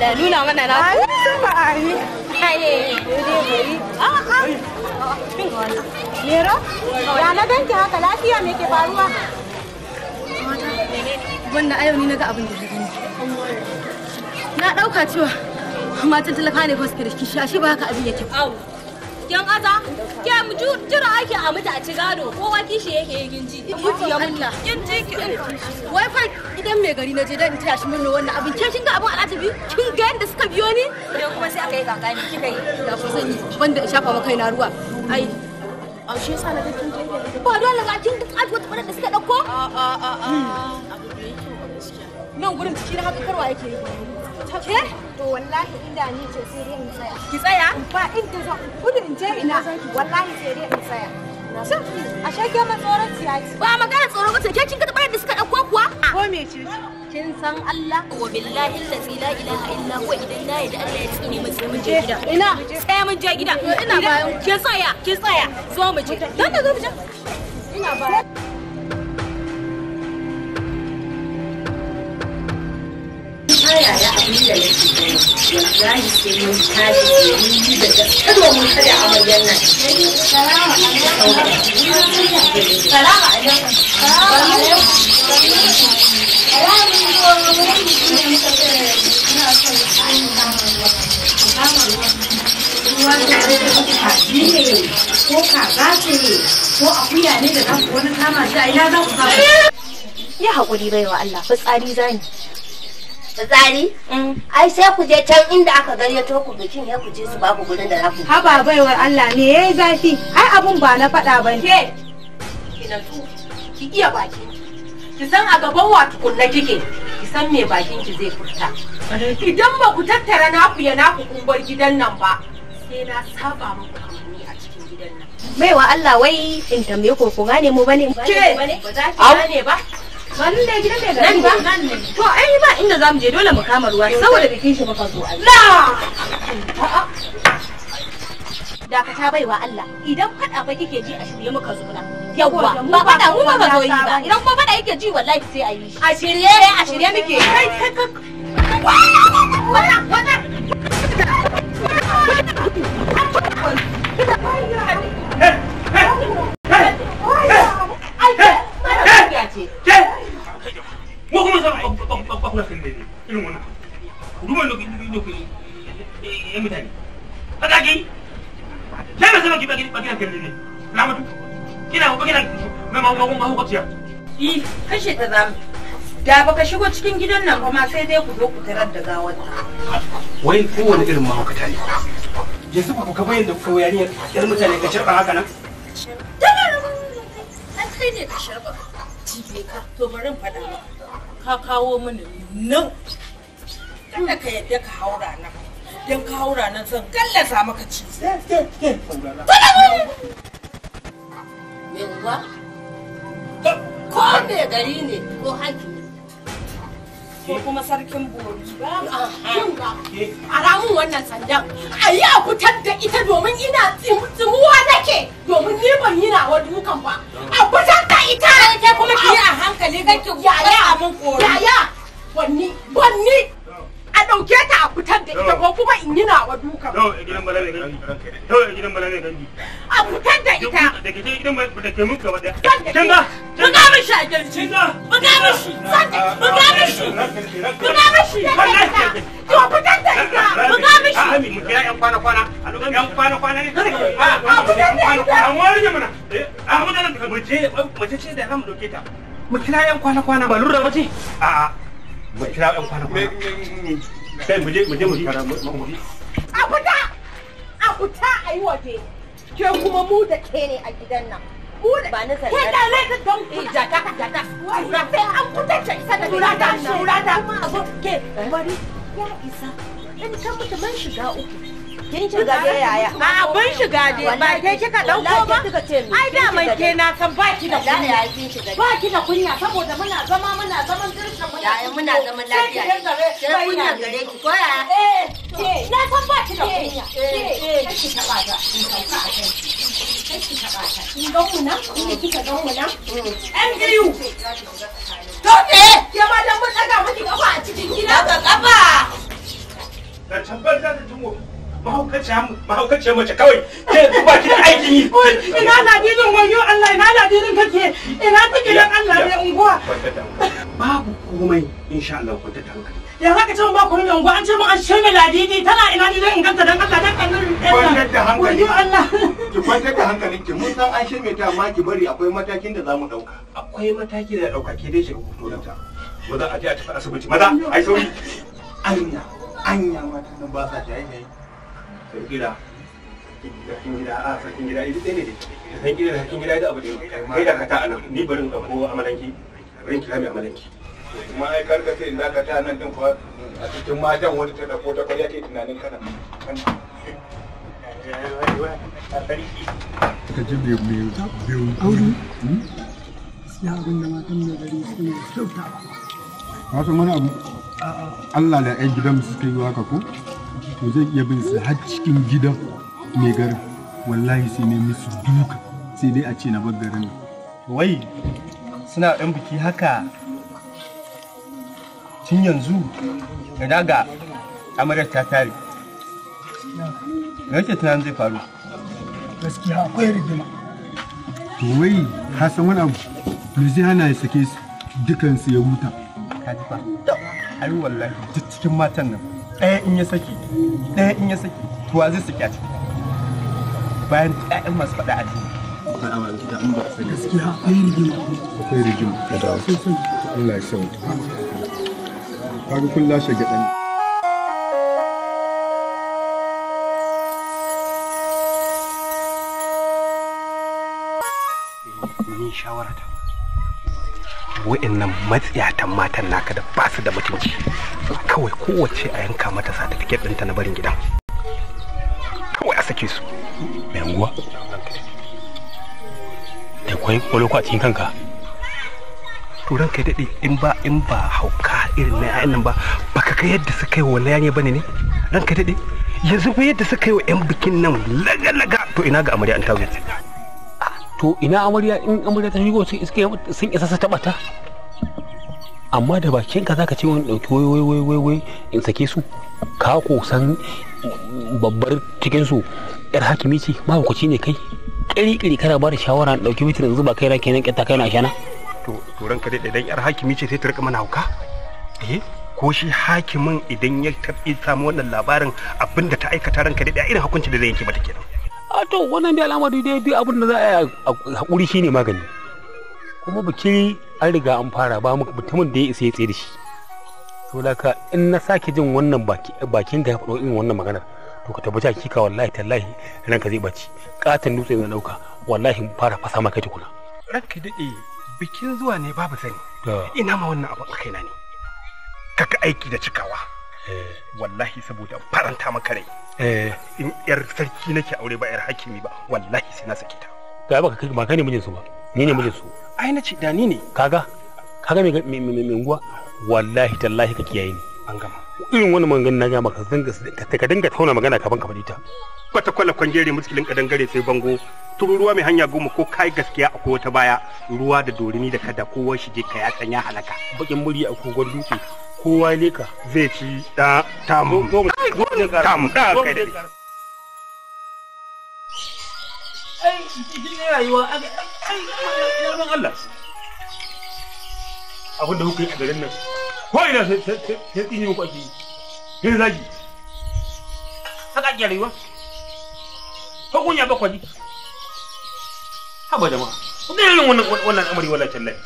là núi non cái này đâu đấy ai hai đi wanda a yau ni na abin da na ɗauka cewa matan talaka ne ba suke da kishi ashe ba haka abin yake Yan aza, ke mu jira ake a mutu a gado, kowa kishi yake yin ginji. Ya mutu. Kin ji ki. Wai fa idan mai gari na je dan taya shi murna wannan abin. Kin ga abin al'ajabi? Kin ga yanda suka biyo ni? Da kuma sai aka yi gangani kika yi. Da ku zan yi banda in shafa maka na ruwa. Ai, a shi yasa na ga kin je ba dole ga kin duk aji wata da suka dauko a a a a nan gurin ciki na haka karwa yake yi ta ke to wallahi inda ni ce sai dai in tsaya ki tsaya ba inda zo gudu in je ina wallahi sai dai in tsaya a shage ma tsoron tiyati ba magana tsoro ba ke kin ga tabar da suka dauko kuwa ko me ce kin san Allah wa billahi allazi la ilaha illa huwa idan na yadda Allah ya tsine mu sai mun je gida ina sai mun je gida ina bayan ki tsaya ki tsaya zo mu je dan da zo mu je ina bayan ta yaya abin da nake gani wallahi sai mun tashi yi da mun kada nan alaikum ya haƙuri baiwa Allah fitsari zani tsari mm. ai sai ku je can inda aka gayyato ku bikin ya ku je su ba ku gudun da za ku haba baiwar Allah me yayi zafi ai abun ba na faɗa ba ne ki iya baki ki san a gaban wa tukunna kike ki san me bakin ki zai furta idan ba ku tattara naku ya naku kun bar gidan nan ba sai na saba muku kamanni a cikin gidan nan baiwa Allah wai in tambaye ko ku gane mu bane ba ne ba za ki gane ba Ba nan ne gidan ne gari ba? Nan ne. To ai ba inda zamu je dole mu kama ruwa saboda bikin shi muka zo ai. Na. Dakata baiwa Allah idan fada ba kike ji a shirye muka zo na. Yawwa ba fada mu ba zo yi ba idan kuma fada yake ji wallahi sai a yi shi. A shirye eh, a shirye muke. Wata wata. kuma san bakula sun ne irin wannan ruwan lokacin lokacin yan mutane a zaki sai na sama ki bakina kan ne ramatu kina bakina mai mahaukaciya i kashe ta zamu da baka shigo cikin gidan nan ba ma sai dai ku zo ku tarar da gawarta wai kowane irin mahaukata ne yanzu ba ku ka bayyana kuka wayani yar mutane ka cirba haka nan tana nan kai ne ka shirba jibe ka to bari faɗa maka ka kawo mini nan kada ka yadda ka haura nan don ka haura nan zan gallasa maka ci Yawwa, ko mai gari ne ko haki ko kuma sarkin bori. A ramun wannan sandan, a yi a fitar da ita domin ina tsimuwa nake domin ni ban yi nawa dukan ba. A ita! Ke kuma ki a hankali kake ya ya mun koro. Ya ya! Bonni! Bonni! a ɗauke ta a fitar da ita ko kuma in yi dukan. Yau a eh, gidan bala mai Yau a eh, gidan A fitar da ita. Da ke gidan da ke gaba a girji. Kin ga? Mun ga mishi. Mun ga mishi. To fitar da ita. ga A mi mu kira kwana kwana. kwana kwana ne. Ah, a fitar da ita. An wani jimina. Eh, a mu da nan mu je mu je ce da za mu ɗauke ta. Mu kira kwana kwana. Ba lura ba ce? A'a. mu kira yan kwana kwana sai mu je mu je mu kira a fita a fita a yi waje ke kuma mu da ke ne a gidan nan mu da ba na sanda ke da ne ka don ku jata ta tura sai an kuta ta isa da tura ta tura ta kuma abu ke bari ya isa in ka mutu man shiga uku kin shiga dai yaya a abin shiga dai ba ke kika dauko ba ai da mai ke na san ba ki da kunya ba ki da kunya saboda muna zama muna zaman dirshin muna yayin muna zama lafiya sai kunya gare ki ko ya eh, na san ba ki da kunya ki taba ta in sauka a kai ki taba ta in ga ga kafa a cikin gida ga kafa da tabbatar da tungo mahaukaciya mace kawai ke ba ki da aikin yi ina ladirin wayo Allah ina ladirin kake ina take dan Allah ne unguwa babu komai insha Allah ku ta tanka ya haka ce ba komai unguwa an ce mun an shirme ladidi tana ina ni zan inganta dan Allah dan annabi kwantar da hankali wayo Allah ki kwantar da hankali ki mun san an shirme ta amma ki bari akwai matakin da zamu dauka akwai mataki da dauka ke dai shiga hoto da ta maza a je a tafi asibiti maza ai sauri anya anya mata nan ba sa jaye ne kirkira sarkin gida a sarkin gida idan ne da sarkin gida da sarkin gida da abu ne kai da kata anan ni barin da ko amalanki barin kira mai amalanki kuma ai karka sai in zaka ta nan din fa a cikin matan wani ta dako ta kwalya ke tunanin kana hmm? ya abin da matan mai gari suna kyautawa wasu wani abu Allah da 'yan gidan suka yi waka ko to zai iya bin su har cikin gidan mai garin wallahi sai ne musu duka sai dai a ce na bar garin wai suna ɗan biki haka tun yanzu da daga amaryar ta tare yake tunanin zai faru gaskiya akwai rigima to wai ka san wani abu me zai hana ya sake su dukansu ya huta ka ji fa ai wallahi duk cikin matan nan ɗaya in ya saki ɗaya in ya saki to zai saki a ciki bayan ɗayan masu faɗa a ciki shawara ta wa'annan matsiyatan matan naka da ba su da mutunci kawai kowace a yanka mata satifiket ɗinta na barin gidan kawai a sake su mai anguwa da kwai kwalo a cikin kanka turan kai daɗe in ba in ba hauka irin na yayan nan ba baka kai yadda suka yi wa na yanye bane ne ranka daɗe yanzu ba yadda suka yi wa yan bikin nan laga-laga to ina ga amarya an yanzu to ina amarya in amarya ta shigo sun isa su taba ta amma da bakin ka zaka ce wani dauki wai wai wai wai in sake su ka ko san babbar cikin su yar hakimi ce ma hukunci ne kai kiri kiri kana ba da shawara na dauki mitin yanzu ba kai na kenan kyatta kai na shana to to ranka dai dan yar hakimi ce sai ta rika mana hauka eh ko shi hakimin idan ya tafi samu wannan labarin abinda ta aikata ranka dai irin hukunci da zai yanke mata kenan a ah, to wannan dai al'amari dai abin da za a yi hakuri shine magani kuma biki an riga an fara ba mutumin da ya isa ya tsaye da shi to laka in na sake jin wannan bakin ka ya faɗo in wannan maganar to ka tabbata ka wallahi tallahi ranka zai baci katon dutse a dauka wallahi fara fasa maka tukuna ranka dade bikin zuwa ne babu sani ina ma wannan abu kaina ne Kaka aiki da cikawa Eh. wallahi saboda faranta maka rai eh. in yar sarki nake aure ba yar hakimi ba wallahi sai na saki ta ga ba kai ba kai ne mijin su ba ni ne mijin su ai nace da ni ne kaga kaga me me me nguwa wallahi tallahi ka kiyaye ni an gama irin wani magana na ga maka zanga ka dinga tauna magana ka ka fadita kwata kwala jere muskilin kadangare sai bango tururuwa mai hanya goma ko kai gaskiya a wata baya ruwa da dorini da kada kowa shige ka ya ya halaka bakin muri a gwan dutse kowa ne ka zai ci da tamu tamu da abin da kuka yi a garin nan ko ina sai tsinye muku ake yi sai zagi haka ake rayuwa ko kunya ba kwaji haba jama'a da irin wannan wala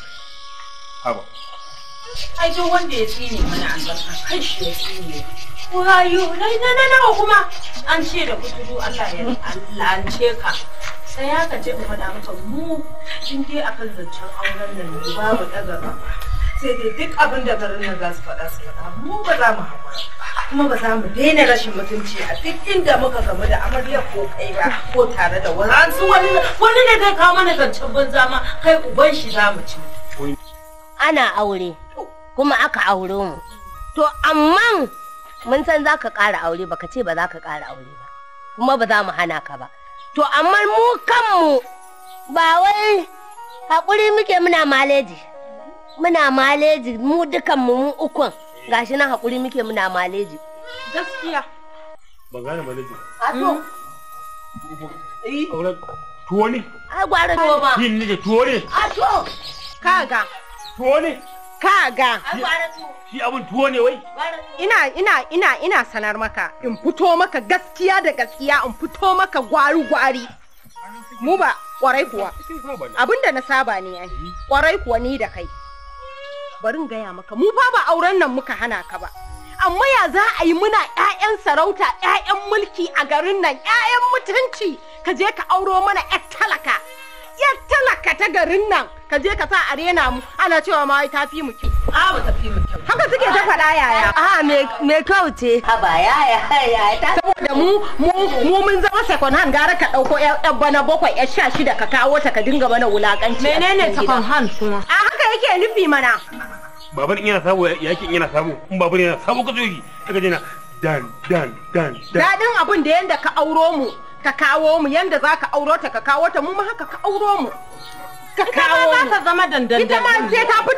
haba ai duk wanda ya tsine mana albarka kan shi ya tsine wayo lai na na nawa kuma an ce da kuturu Allah ya lance ka sai ya ka je in faɗa maka mu in dai akan zancen auren nan ne babu ɗaga ba. sai dai duk abin da garin nan za su faɗa su faɗa mu ba za mu hawa kuma ba za mu daina rashin mutunci a duk inda muka gamu da amarya ko kai ba ko tare da wani an su wani wani ne zai kawo mana zancen banza ma kai uban shi za mu ci ana aure kuma aka aure mu to amma mun san za ka ƙara aure ba ka ce ba za ka ƙara aure ba kuma ba za mu hana ka ba to amma mu kanmu ba wai haƙuri muke muna maleji muna maleji mu dukanmu mu ukun gashi na haƙuri muke muna maleji gaskiya ban gane maleji a to hmm. eh. eh. auren tuwo ne a gwara tuwo ba yin ne tuwo ne a to kaga tuwo ne kaga shi abin tuwo ne wai ina ina ina ina sanar maka in fito maka gaskiya da gaskiya in fito maka gwari gwari mu ba kwarai kuwa abinda na saba ne ai kwarai kuwa ni da kai bari in gaya maka mu fa ba auren nan muka hana ka ba amma ya za a yi muna 'ya'yan sarauta 'ya'yan mulki a garin nan 'ya'yan mutunci ka je ka auro mana 'yar talaka Iya talaka ta garin nan ka je ka sa arena mu ana cewa ma ta fi mu kyau a ba ta fi mu kyau haka suke ta faɗa yaya a me me kyau ce ha ba yaya yaya ta saboda mu mu mun zama second hand gara ka dauko yar bana bakwai yar sha shida ka kawo ta ka dinga mana wulakanci menene second hand kuma a haka yake nufi mana Baban in yana sabo yake in yana sabo in baban yana sabo ka zo yi kaga jina dan dan dan dadin abun da yanda ka auro mu ka kawo mu yanda za ka auro ta ka kawo ta mu ma haka ka auro mu ka kawo mu ita ma za zama dandan ita ma sai ta fi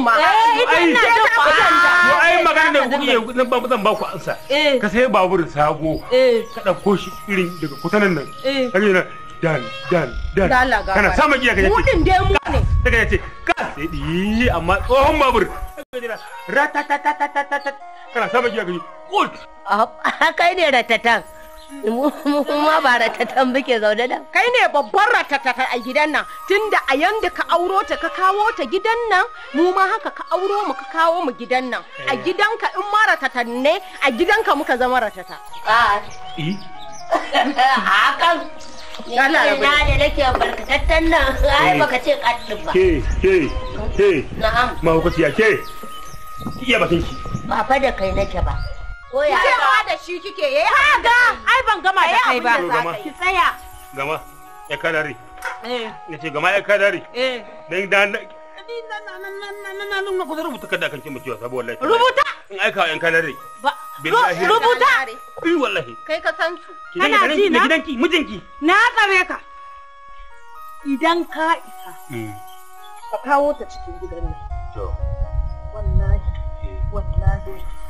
ma eh ita ina da ta ai magana da kuke zan ba zan ba ku ansa eh. ka sai babur sago eh. ka dauko shi irin daga kutanan nan eh. kage nan dan dan dan kana sama giya kaje mudin dai mu ne kaga yace ka sai di amma tsohon babur ratatatatatatat ne ma ba ratatan muke zaune da. Kai ne babban ratata a gidan nan tunda a yanda ka auro ta ka kawo ta gidan nan mu ma haka ka auro mu ka kawo mu gidan nan. A eh. gidanka in ma ratatan ne a gidanka muka zama ratata. A hakan. Na da nake barkatattan nan ai eh. baka ce kaddin ba. Ke ke ke. Na'am. Ma hukaciya ke. Iya bakin ki. Ba fa da kai nake ba. koya cewa da shi kike yayi kaga ai ban gama da kai ba ki tsaya gama ya kadari eh nace gama ya kadari eh dan dan na nuna ku rubuta rubuta in aika billahi rubuta bi wallahi kai ka san su kana ji na gidanki mijinki na tsare ka idan ka isa mm. ka kawo ta cikin gidan nan to wallahi eh. wallahi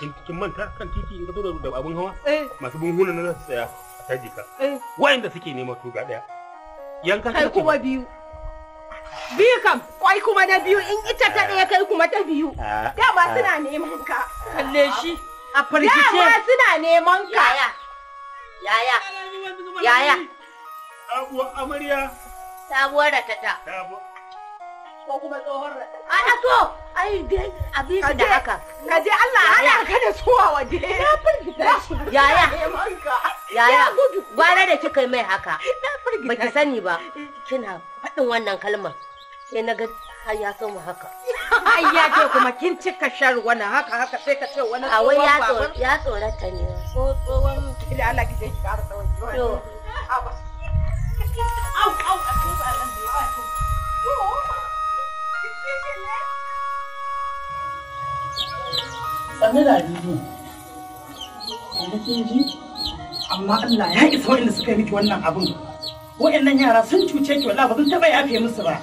kin manta kan titi in ka zo da abun hawa eh. masu bunhuna na su tsaya a caji ka eh. wa'anda suke nema to ga daya yankan kai kuma biyu biyu kam kwai kuma na biyu in ita ta ɗaya kai kuma ta biyu ah, dama ah. suna neman ka kalle shi a firgice dama suna neman ka yaya yaya yaya sabuwar amarya sabuwar ratata sabuwar ko kuma tsohon a a to ai dai da haka ka je Allah hada ka da waje na yaya yaya gwara da kika mai haka ba ki sani ba kina faɗin wannan kalmar sai na ga ya san mu haka ai ya ce kuma kin cika shar wani haka haka sai ka ce wani a wai ya tsorata ne ko tsohon kila Allah ki sai ki ƙara tsawon au au a tuba nan da sannu da bibi sannu kin ji amma Allah ya isa wa'anda suka yi miki wannan abin wa'annan yara sun cuce ki wallahi ba zan taba yafe musu ba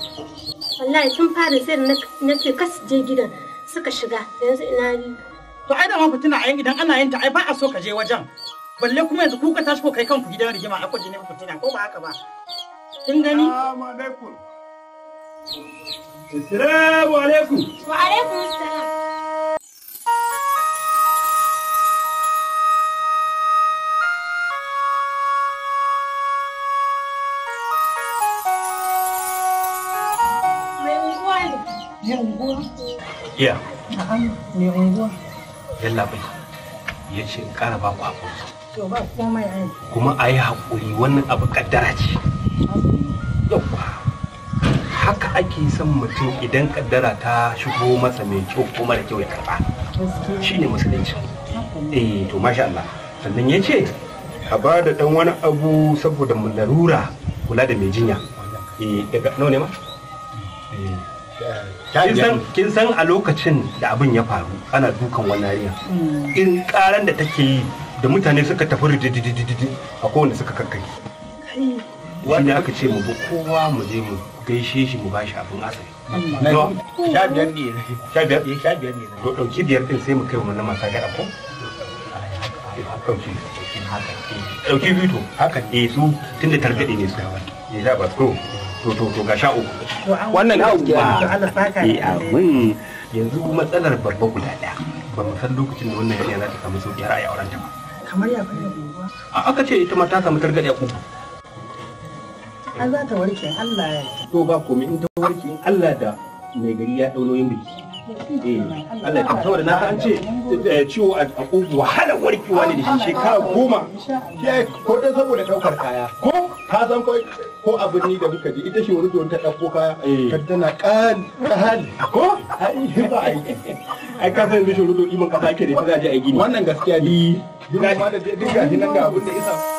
wallahi sun fara sai na ce kas je gidan suka shiga yanzu ina ni to ai da ma fitina a idan ana yin ta ai ba a so ka je wajen balle kuma yanzu kuka tashi ko kai kanku gidan rigima a kwaje ne fitina ko ba haka ba kin gani assalamu alaikum assalamu alaikum wa alaikum assalam iya mai unguwa yalla ya ce ƙara ba ku haƙuri to ba komai ai kuma a yi haƙuri wannan abu ƙaddara ce yawwa haka ake son mutum idan ƙaddara ta shigo masa mai kyau ko mara kyau ya karɓa shi ne musulunci eh to masha Allah sannan ya ce a ba da ɗan wani abu saboda mu larura kula da mai jinya eh, daga ne ma eh. kin san a lokacin da abin ya faru ana dukan wannan yarinya mm. in karan da take yi da mutane suka tafi ridididididi a kowanne suka kakkaki wanda aka ce mu bi kowa mu je mu gaishe shi mu bashi abin asali sha biyar ne sha biyar ne eh, sha biyar ne to dauki biyar din sai mu kai wa na masa gara ko dauki dauki biyu to haka eh su tunda targade ne su ya eh, ba su to to to ga sha uku wannan gaskiya eh, amin yanzu matsalar babba guda daya ba mu san lokacin da wannan yarinya za ta samu sauki har a auren ta ba kamar ya fara a aka ce ita ma ta samu targaɗe a kuku an za ta warke Allah ya to ba komai in ta warke Allah da mai gari ya dau nauyin biki Eh, Allah ya saboda na an ce eh, ciwo a ƙugu wahala warkewa ne da shi shekara goma ko ɗan saboda ɗaukar kaya ko ka san ko ko abin ni da muka ji ita shi wani don ta ɗauko kaya eh. ka na ƙan ƙan ko ai ba ai ai ka san mishi don iman ka ke da ta zaje a gini wannan gaskiya ne ga da duk ga nan ga abin da isa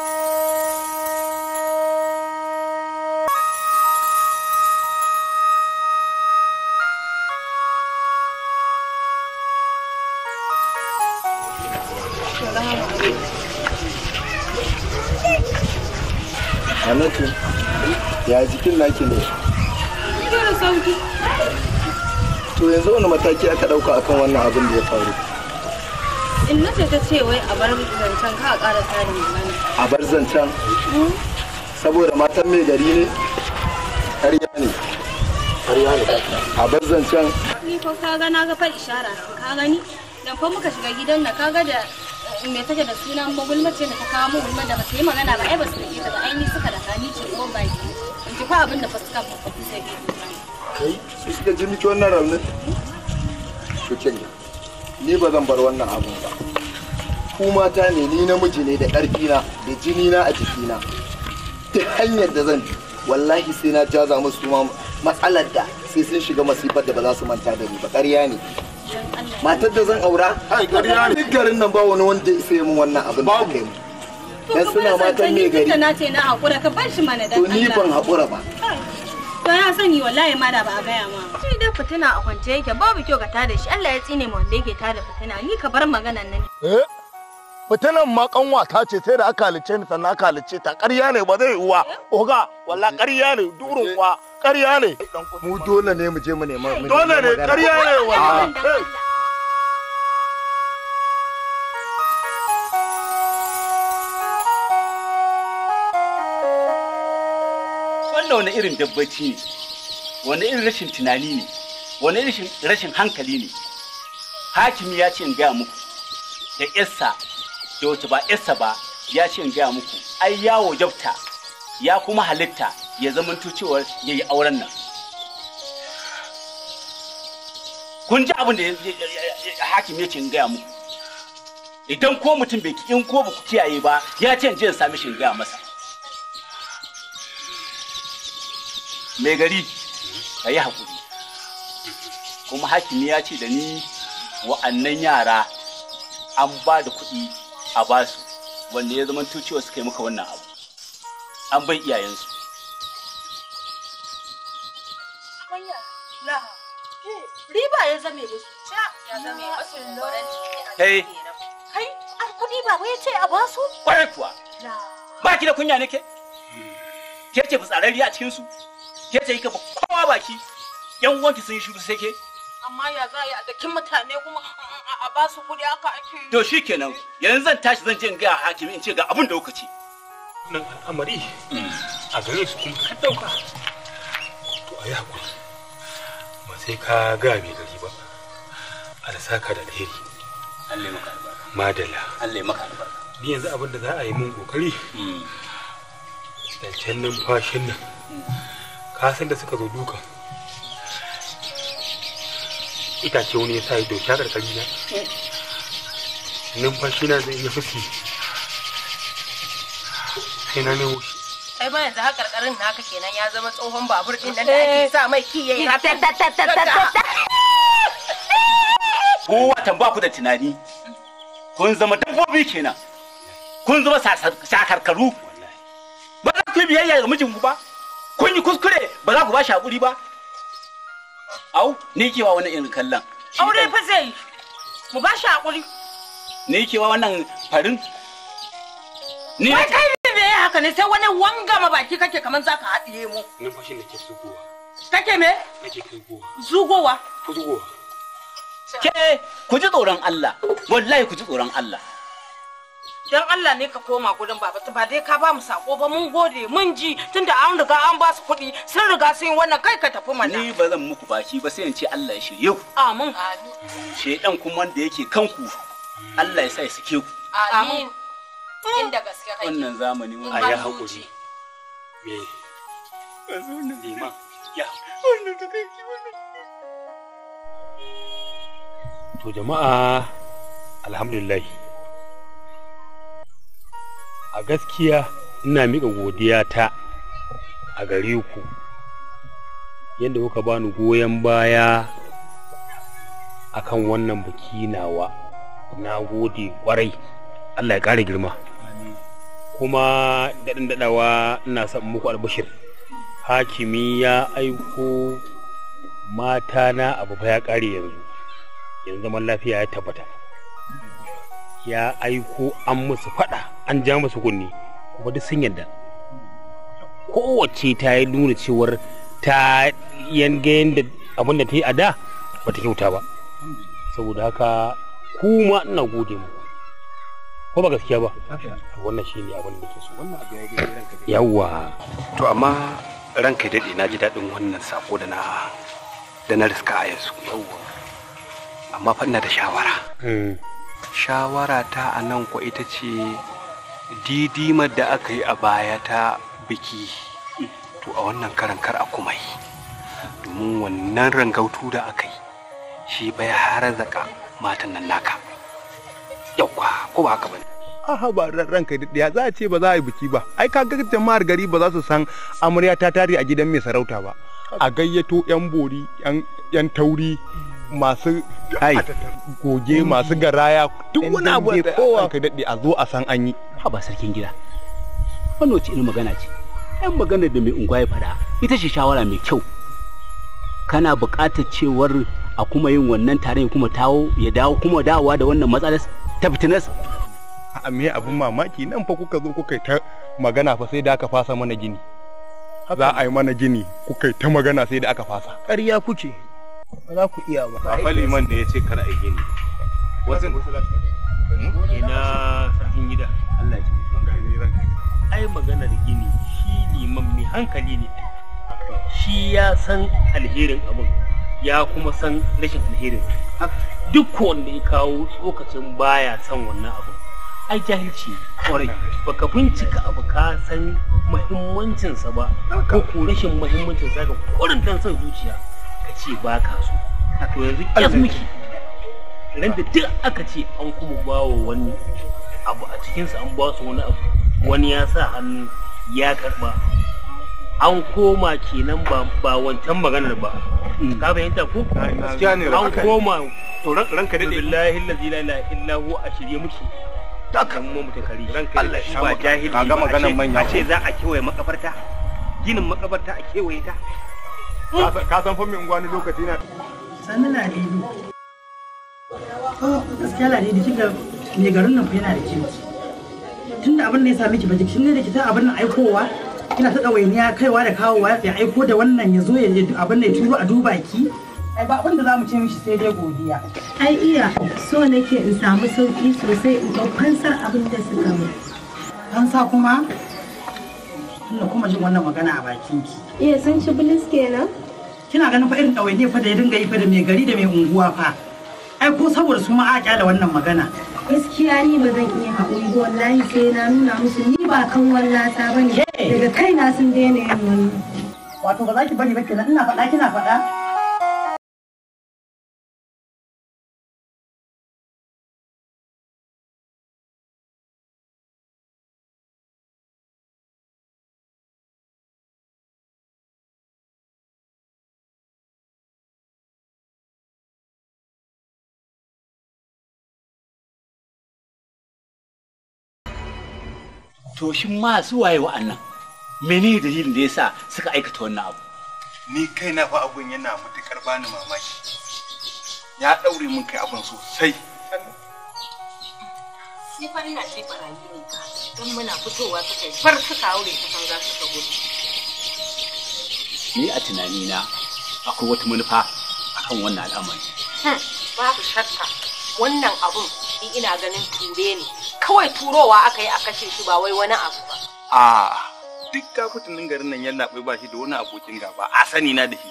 naki ne to yanzu wani mataki aka dauka akan wannan abin da ya faru in na ta ce wai a bar zancen ka a tarin tsari a bar zancen saboda matan mai gari ne karya ne a bar zancen ni ko ka ga na ga fa ishara ka gani dan ko muka shiga gidan na ka ga da eh, me take da suna magulmace da ta kawo mu da ba ta yi magana ba ai ba su da ba ai ni suka da kani ce ko baki ki fa abin da ni ba zan bar wannan ba ku mata ne ni namiji ne da ƙarfi na da jini na a jiki na ta hanyar da zan wallahi sai na jaza musu ma matsalar da sai sun shiga masifar da ba za su manta da ni ba ƙarya ne matar da zan aura ne garin nan ba wani wanda ya isa min wannan abin da kai mu dan suna matan mai gari na ce na hakura ka bar shi mana dan Allah to ni ban haƙura ba to ya sani wallahi ma da ba a gaya ma shi da fitina a kwance yake babu kyau ka tada shi Allah ya tsine mu wanda yake tada fitina ni ka bar maganan nan eh fitinan ma kanwata ce sai da aka halice ni sannan aka halice ta ƙarya ne ba zai uwa oga walla ƙarya ne durin kwa ƙarya ne mu dole ne mu je mu nema dole ne ƙarya ne wa wannan wani irin dabbaci ne wani irin rashin tunani ne wani irin rashin hankali ne hakimi ya ce in gaya muku da yassa da wata ba yassa ba ya ce in gaya muku ai ya wajabta ya kuma halitta ya zamanto cewar ya yi auren nan kun ji abin da hakim ya ce in gaya muku idan ko mutum bai in ko ba ku kiyaye ba ya ce in je in sami shi in gaya masa mai gari ka yi haƙuri kuma hakimi ya ce da ni wa'annan yara an ba da kuɗi a basu wanda ya zama cewa suka yi muka wannan abu an bai iyayensu riba ya zame musu kai kai an kuɗi ba wai ce a kwarai kuwa ba ki da kunya ne ke Ke ce fitsararri a cikinsu ke ce kika kowa baki yan uwanki sun shiru sai ke amma ya za a dakin mutane kuma a ba su kuɗi aka ake to shi kenan yanzu zan tashi zan je in ga hakimi in ce ga abin da kuka ce nan al'amari a gare su kuma ka dauka to a yi hakuri ba sai ka ga mai gari ba a saka da alheri Allah maka albarka madala Allah maka albarka ni yanzu abin da za a yi mun kokari zancen mm. numfashin nan kasan da suka zo duka itace wani ya sa ya doki haƙar ƙari na numfashi na zai iya fusi sai na nemo shi ai ba yanzu haka ƙarin naka kenan ya zama tsohon babur din nan da ake sa mai kiyaye eh. ko watan ba ku da tunani kun zama dabbobi kenan kun zama sakarkaru ba za ku yi biyayya ga mijinku ba kun yi kuskure ba za ku ba shi ba au ni kewa wani irin kallon aure fa zai yi mu ba shi haƙuri ni kewa wannan farin ni wai kai ne bai haka ne sai wani wanga ma baki kake kaman za ka haɗiye mu shi ne ke zugowa kake me Kake zugowa. zugowa ku zugowa ke ku ji tsoron Allah wallahi ku ji tsoron Allah don Allah ne ka koma gudun baba ba dai ka ba mu sako ba mun gode mun ji tunda an riga an ba su kuɗi sun riga sun yi wannan kai ka tafi mana ni ba zan muku baki ba sai in ce Allah ya shirye ku amin shedan kuma wanda yake kanku Allah ya sa ya sike ku amin inda gaske kai wannan zamani wannan ayi hakuri me ya wannan da wannan to jama'a alhamdulillah a gaskiya ina miƙa godiya ta a gare ku yadda kuka bani goyon baya akan wannan biki nawa na gode kwarai allah ya ƙara girma kuma daɗin daɗawa ina son muku albashir hakimi ya aiko mata na abu ya ƙare yanzu yanzu zaman lafiya ya tabbata ya aiko an musu fada an ja musu kunni kuma duk sun yadda kowace ta yi nuna cewar ta yanga yadda abin da ta yi a da ba ta kyauta ba saboda haka kuma ina gode mu ko ba gaskiya ba wannan shi ne abin da ke so yawwa to amma ranka daɗe na ji daɗin wannan sako da na da na riska a yanzu amma fa ina da shawara hmm. shawara ta a nan kwa ita ce didimar da aka yi a baya ta biki to a wannan karan kar a kuma yi domin wannan rangautu da aka yi shi bai har zaka matan nan naka yauwa ko ba haka bane aha ba ranka ya za a ce ba za a yi biki ba ai ka ga jama'ar gari ba za su san amarya ta tare a gidan mai sarauta ba a gayyato yan bori yan tauri masu kai goge masu garaya duk wani abu da kowa daɗe a zo a san an yi ha ba sarkin gida wannan ce irin magana ce yan magana da mai unguwa ya faɗa ita ce shawara mai kyau kana buƙatar cewar a kuma yin wannan taron kuma tawo ya dawo kuma dawowa da wannan matsalar ta fitinas a me abin mamaki nan fa kuka zo kuka ta magana fa sai da aka fasa mana gini za a yi mana gini kuka ta magana sai da aka fasa ƙarya kuke ba za ku iya ba ba liman da ya ce kar a gini wasu ina gida Allah ya ai maganar gini shi liman mai hankali ne shi ya san alherin abin ya kuma san rashin alherin duk wanda ya kawo tsokacin baya san wannan abu ai jahilci kwarai baka bincika abu ka san muhimmancinsa ba ko ko rashin muhimmancinsa ga kurin san son zuciya ka ce ba ka so to yanzu ƙyas miki ran da duk aka ce an kuma ba wa wani abu a cikinsa an ba su wani abu wani ya sa hannu ya karba an koma kenan ba ba wancan maganar ba mm. ka fahimta ko an koma to ranka dade billahi allazi la ilaha illa hu a shirye miki takan mu mutakari Allah shi ba jahili ka ga ba manya ce za a kewaye makabarta ginin makabarta a kewaye ta ka san fa min wani lokaci na sanin na lili to oh, gaskiya la lili kinga me garin nan yana da kinki tunda abin da ya sami ki ba kin ne da ki ta abin nan aikowa kina ta dawainiya kaiwa da kawowa ya aiko da wannan ya zo ya abin da ya turo a duba ki ai ba abin da zamu ce mishi sai dai godiya ai iya so nake in samu sauki sosai in babban san abin da suka mu fansa kuma tunda kuma jin wannan magana a bakin ki iya san shi bilis kenan kina ganin fa irin ne fa da ya dinga yi fa da mai gari da mai unguwa fa ai ko saboda su ma a kyale wannan magana gaskiya ni ba zan iya haƙuri ba wallahi sai na nuna musu ni ba kan wallata ba ne daga kaina sun daina yin wannan wato ba za ki bari ba kenan ina faɗa kina faɗa to shin ma su waye wa'annan mene dalilin da yasa suka aikata wannan abu ni kai na fa abun yana mutukar bani mamaki ya daure mun kai abun sosai sai fa ina ce barayi ne ka don muna fitowa kai far suka aure ta su ta gudu ni a tunanina akwai wata manufa akan wannan al'amari hmm, babu shakka wannan abun ni ina ganin ture ne kawai turowa aka yi a kashe shi ba wai wani abu ba a duk kafutinin garin nan yalla bai ba shi da wani abokin gaba a sani na da shi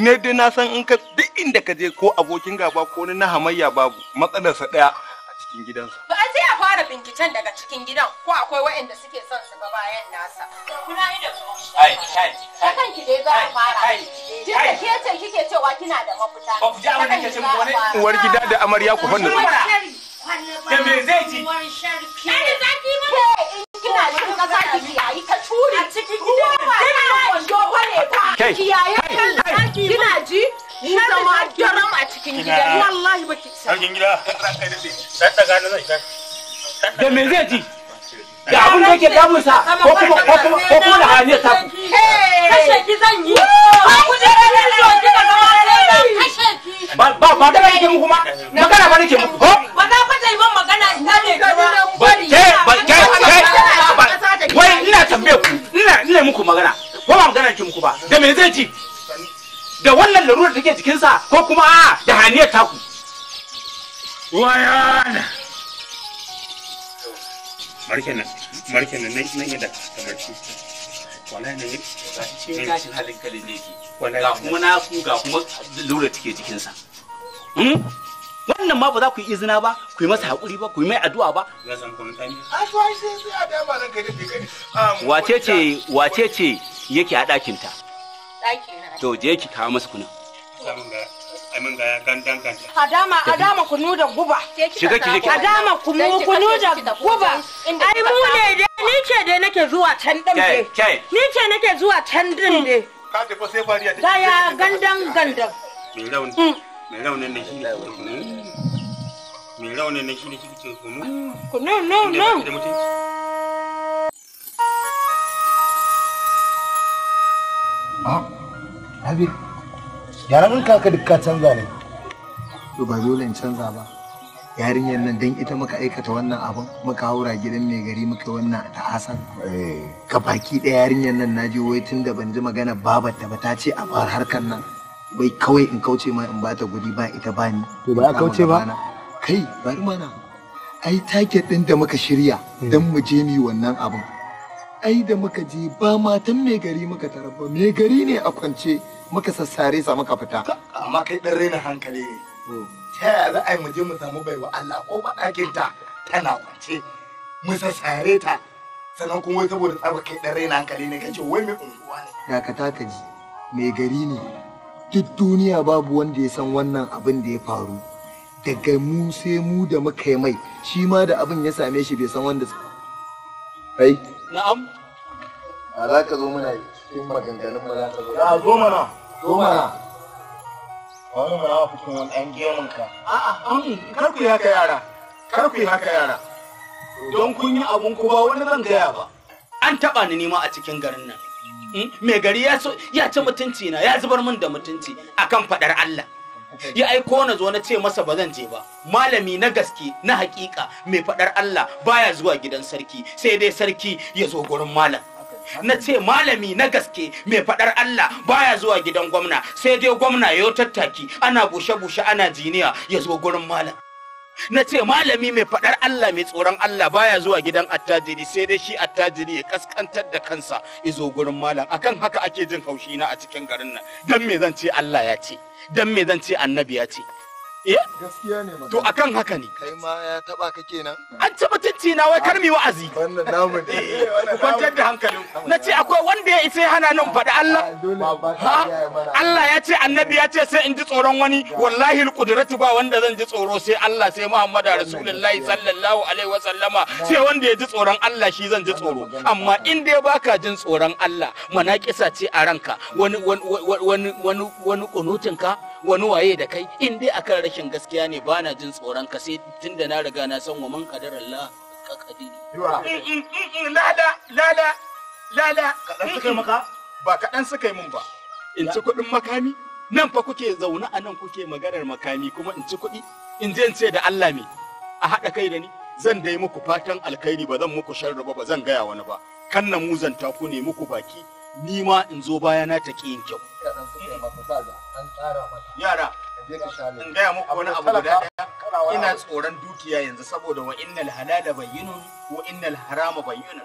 ne dai na san in ka duk inda ka je ko abokin gaba ko na hamayya babu matsalarsa daya a cikin gidansa ba a je a fara binciken daga cikin gidan ko akwai waɗanda suke son su ga bayan nasa kuna yi da su ai ai kakan ki dai za a fara duk da ke ce kike cewa kina da mafita ba ku ji abin da ke ce wani uwar gida da amarya ku fanna. da me zai ci kada za ki mana in kina cikin kasa ki kiyayi ta turi a cikin gida kina wando wane fa kiyaye kina ji ni zama garam a cikin gida wallahi baki sa cikin gida dan daga na zai da me zai ci da abin da yake damunsa ko kuma ko kuma ko kuma da haniyar ta kashe ki zan yi ku da kike so ba ba ba da kike magana ba nake muku magana ko ba magana ki muku ba da me zai ci da wannan larurar take jikinsa ko kuma a da haniyar taku wayan marke nan marke nan nan nan da kamar ci wallahi ne ga cikin gashin halin kalin ne ki ga kuma na ku ga kuma larurar take jikinsa hmm? wannan ma ba za ku yi izina ba ku yi masa haƙuri ba ku yi mai addu'a ba ah, wace ce wace ce yake a ɗakin ta to je ki kawo masa kunan Adama adama kunu da guba. Shiga ki jiki. Adama kunu kunu da guba. Ai mu ne dai ni ce dai nake zuwa can din dai. Ni ce nake zuwa can din hmm. dai. Ka tafi sai fariya. Ta ya gandan gandan. Hmm. mai raunin na shi ne kunu mai raunin na shi ne kike kunu kunu no no Ah, Habib, yaran kaka duk canza ne. To ba dole in canza ba. Yarinyar nan dan ita muka aikata wannan abin muka haura gidan mai gari muka wannan ta Hassan. Ka eh. baki ɗaya yarinyar nan na je wai tun da ban ji magana babar ta ba ta ce a bar harkar nan. bai kawai in kauce ma in bata gudi ba ita ba ni to ba kauce ba kai bari mana ai take din da muka shirya hmm. dan mu je ni wannan abin ai da muka je ba matan mai gari muka tarabba mai gari ne a kwance muka sassare sa muka fita amma kai dan rena hankali ne hmm. ta yaya za a yi mu je mu samu baiwa Allah ko ɗakin ta tana kwance mu sassare ta sannan kuma wai saboda tsaba kai dan rena hankali ne kace wai mai unguwa ne dakata ka ji mai gari ne duk duniya babu wanda ya san wannan abin da ya faru daga mu sai mu da muka yi mai shi ma da abin ya same shi bai san wanda kai na'am a za ka zo mana cikin maganganun za ka zo a zo mana zo mana wani mana wa fukun wani ɗan gemun ka a'a kar ku yi haka yara kar ku yi haka yara don kun yi abun ku ba wani zan gaya ba an taɓa ni nema a cikin garin nan Hmm? mai gari ya ci mutunci na ya zubar min da mutunci akan fadar Allah ya aiko na zo na ce masa ba zan je ba malami na gaske na hakika mai fadar Allah baya zuwa gidan sarki sai dai sarki ya zo gurin malam na ce malami na gaske mai fadar Allah baya zuwa gidan gwamna sai dai gwamna ya tattaki ana bushe-bushe ana jiniya ya zo gurin malam na ce malami mai faɗar Allah mai tsoron Allah baya zuwa gidan attajiri sai dai shi attajiri ya kaskantar da kansa izo gurin malam akan haka ake jin haushi na a cikin garin nan dan me zan ce Allah ya ce dan me zan ce annabi ya ce Eh? Gaskiya ne To akan haka ne. Kai ma ya taba ka kenan. An ci mutunci na wai kar mi wa'azi. Wannan namu ne. Eh, kwantar da hankalin. Na ce akwai wanda ya isa hana nan faɗi Allah. Ah, Allah ya ce annabi ya ce sai in ji tsoron wani wallahi alqudratu ba wanda zan ji tsoro sai Allah sai Muhammadu Rasulullahi sallallahu alaihi wa sallama sai wanda ya ji tsoron Allah shi zan ji tsoro. Amma in dai baka jin tsoron Allah manakisa ce a ranka wani wani wani wani wani kunutinka wani waye da kai in dai akan rashin gaskiya ne bana jin tsoron ka sai tunda na riga na san wa man qadar Allah ka kadiri mm, mm, mm, lala lala ka dan suka maka ba dan suka yi mun ba in ci kuɗin makami nan fa kuke zaune a nan kuke maganar makami kuma in ci kuɗi in je in ce da Allah me a haɗa kai da ni zan dai muku fatan alkhairi ba zan muku sharri ba ba zan gaya wani ba kan na muzanta ku ne muku baki ni ma in zo baya na ta yin kyau. Yara, in gaya muku wani abu guda ɗaya ina tsoron dukiya yanzu saboda wa innal halala bayyinun wa innal harama bayyinun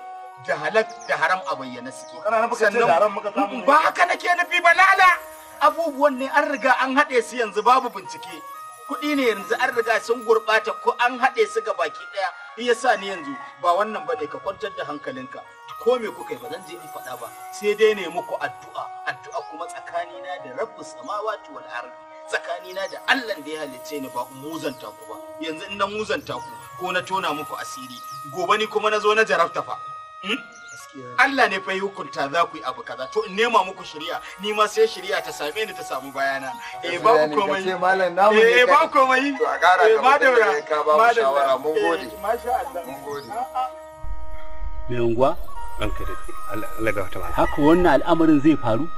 da halak da haram a bayyana suke. Sannan ba haka nake nufi ba lala abubuwan ne an riga an haɗe su yanzu babu bincike. kuɗi ne yanzu an riga sun gurɓata ko an haɗe su ga baki ɗaya sa ni yanzu ba wannan ba ne ka kwantar da hankalinka ko me kuka yi ba zan je in faɗa ba sai dai ne muku addu'a addu'a kuma tsakanina da rabbu samawati wal ardi tsakanina da Allah da ya halicce ni ba muzanta ku ba yanzu in na muzanta ku ko na tona muku asiri gobe ni kuma na zo na jarabta fa hmm? Allah ne fa yi hukunta za ku yi abu kaza to in nema muku shari'a ni ma sai shari'a ta same ni ta samu bayana eh ba ku komai eh ba ku komai to a kara eh, da ka ba mu shawara mun gode eh, masha Allah mun gode me unguwa haka wannan al'amarin zai faru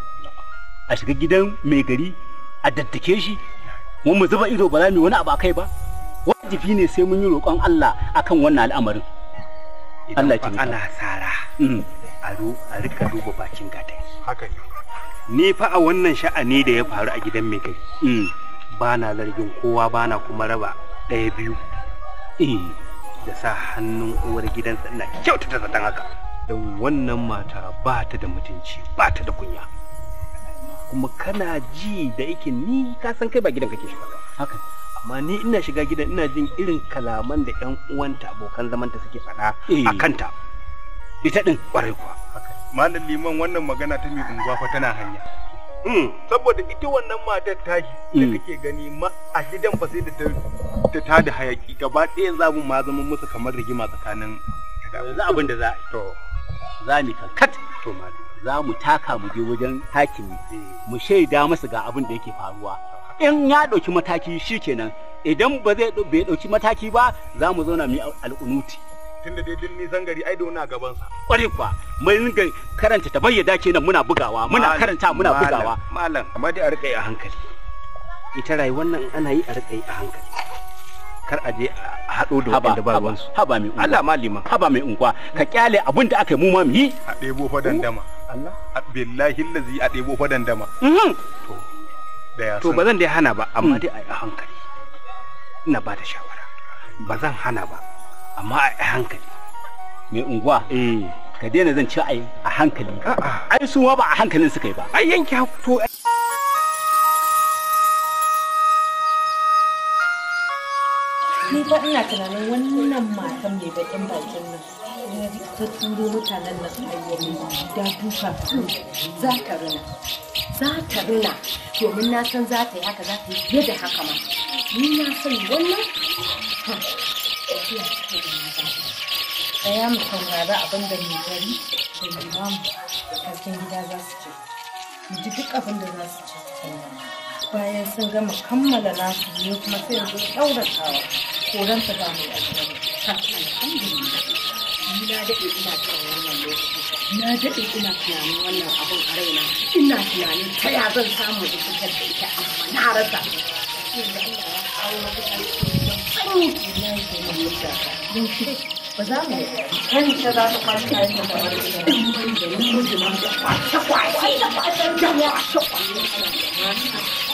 a shiga gidan mai gari a daddake shi mu mu zuba ido ba za mu wani abu kai ba wajibi ne sai mun yi roƙon Allah akan wannan al'amarin Allah ya ana sara mm. a rika duba bakin gatai haka ni fa a wannan sha'ani da ya faru a gidan mai gari mm. ba na zargin kowa ba na kuma raba ɗaya biyu eh. da sa hannun uwar gidansa na kyautata zaton haka don wannan mata ba ta da mutunci ba ta da kunya kuma kana ji da yake ni ka san kai ba gidan kake shiga haka amma ni ina shiga gidan ina jin irin kalaman da yan uwanta abokan zamanta suke faɗa eh. a kanta ita din kwarai kuwa malam liman wannan magana ta mai unguwa fa tana hanya hmm. saboda ita wannan matar shi da kake hmm. gani ma a gidan ba sai da ta tada hayaki gaba ɗaya zabun ma zama musu kamar rigima tsakanin yanzu abin da za a yi za mu kankat za mu taka mu je wajen takin, mu shaida masa ga abin da yake faruwa in ya ɗauki mataki shi kenan idan ba zai bai ɗauki mataki ba za mu zauna mu yi al'unuti tunda dai din nisan gari ai wani gaban sa ƙwarai kuwa mai ringa karanta ta bayyada kenan muna bugawa muna karanta muna bugawa malam amma dai a riƙa a hankali ita rayuwar nan ana yi a riƙa a hankali kar a je a haɗo da da ba ruwansu haba mai unguwa Allah malima haba mai unguwa ka kyale abin da aka yi mu ma mu yi a ɗebo fa dandama Allah billahi lazi a ɗebo fa dandama mhm. to da ya to ba zan dai hana ba amma mm. dai a hankali ina ba da shawara ba zan hana ba amma a hankali mai unguwa eh ka daina zan ci a hankali ai su ba a hankalin suka yi ba ai yanke to ni fa ina tunanin wannan matan mai bakin bakin nan ta turo mutanen nan ayyuwa mai da duka za ta rina za ta rina domin na san za ta yi haka za ta yi fiye da haka ma ni na san wannan tsaya mu saurari abin da mai gari da limamu sarkin gida za su ce mu ji duk abin da za su ce bayan sun gama kammala nasu ne kuma sai yanzu ɗaura kawa koran ta zamu yi alhamdulillah ni na daɗe ina kan wannan lokaci na daɗe ina tunanin wannan abun a raina ina tunanin ta ya zan samu da fitar da ita amma na rasa yanzu Allah ya kawo maka tsaro na yi da mutuwa ba za mu kan ta za ta kwashi kayan da kamar da mun da mun da kwace kwace da kwace da kwace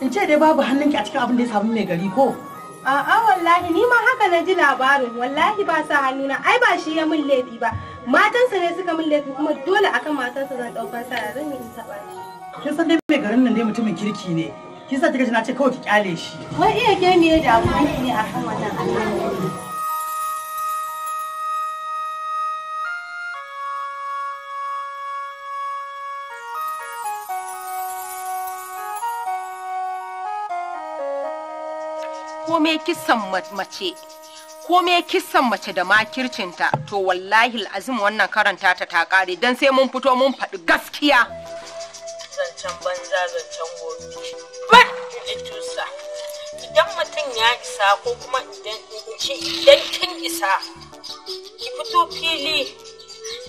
In ce dai babu hannunki a cikin abin da ya samu mai gari ko? A'a wallahi ni ma haka na ji labarin wallahi ba sa hannuna ai ba shi ya min laifi ba matansa ne suka min laifi kuma dole akan matansa zan ɗauka sa zan yi ba shi. Kin san dai mai garin nan dai mutumin kirki ne kin sa kika ji na ce kawai ki kyale shi. Wai iya ke me ya damu ne akan wannan al'amari. komai kisan mace kome kisan mace da makircinta to wallahi azim wannan karanta ta ta kare dan sai mun fito mun faɗi gaskiya zancen banza zancen gobe ba idan mutum ya isa ko kuma idan kin isa ki fito fili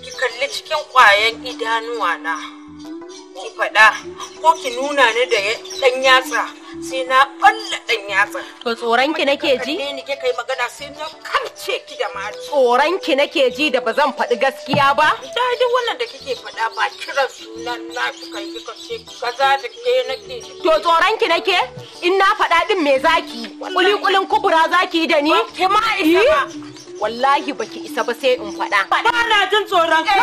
ki kalli cikin kwayan idanuwa na ki faɗa ko ki nuna ni da ɗan yatsa sai na ɓalla ɗan yatsa. To tsoron ki nake ji? Ni ke kai magana sai na karce ki da ma. Tsoron ki nake ji da ba zan faɗi gaskiya ba? Da duk wannan da kike faɗa ba kira sunan na ki kai kika ce kaza da ke nake. To tsoron ki nake? In na faɗa din me zaki? Kuli kulin kubura zaki da ni? Ki ma ita ba. Eh? wallahi baki isa ba sai in faɗa. Ba na jin tsoron kai.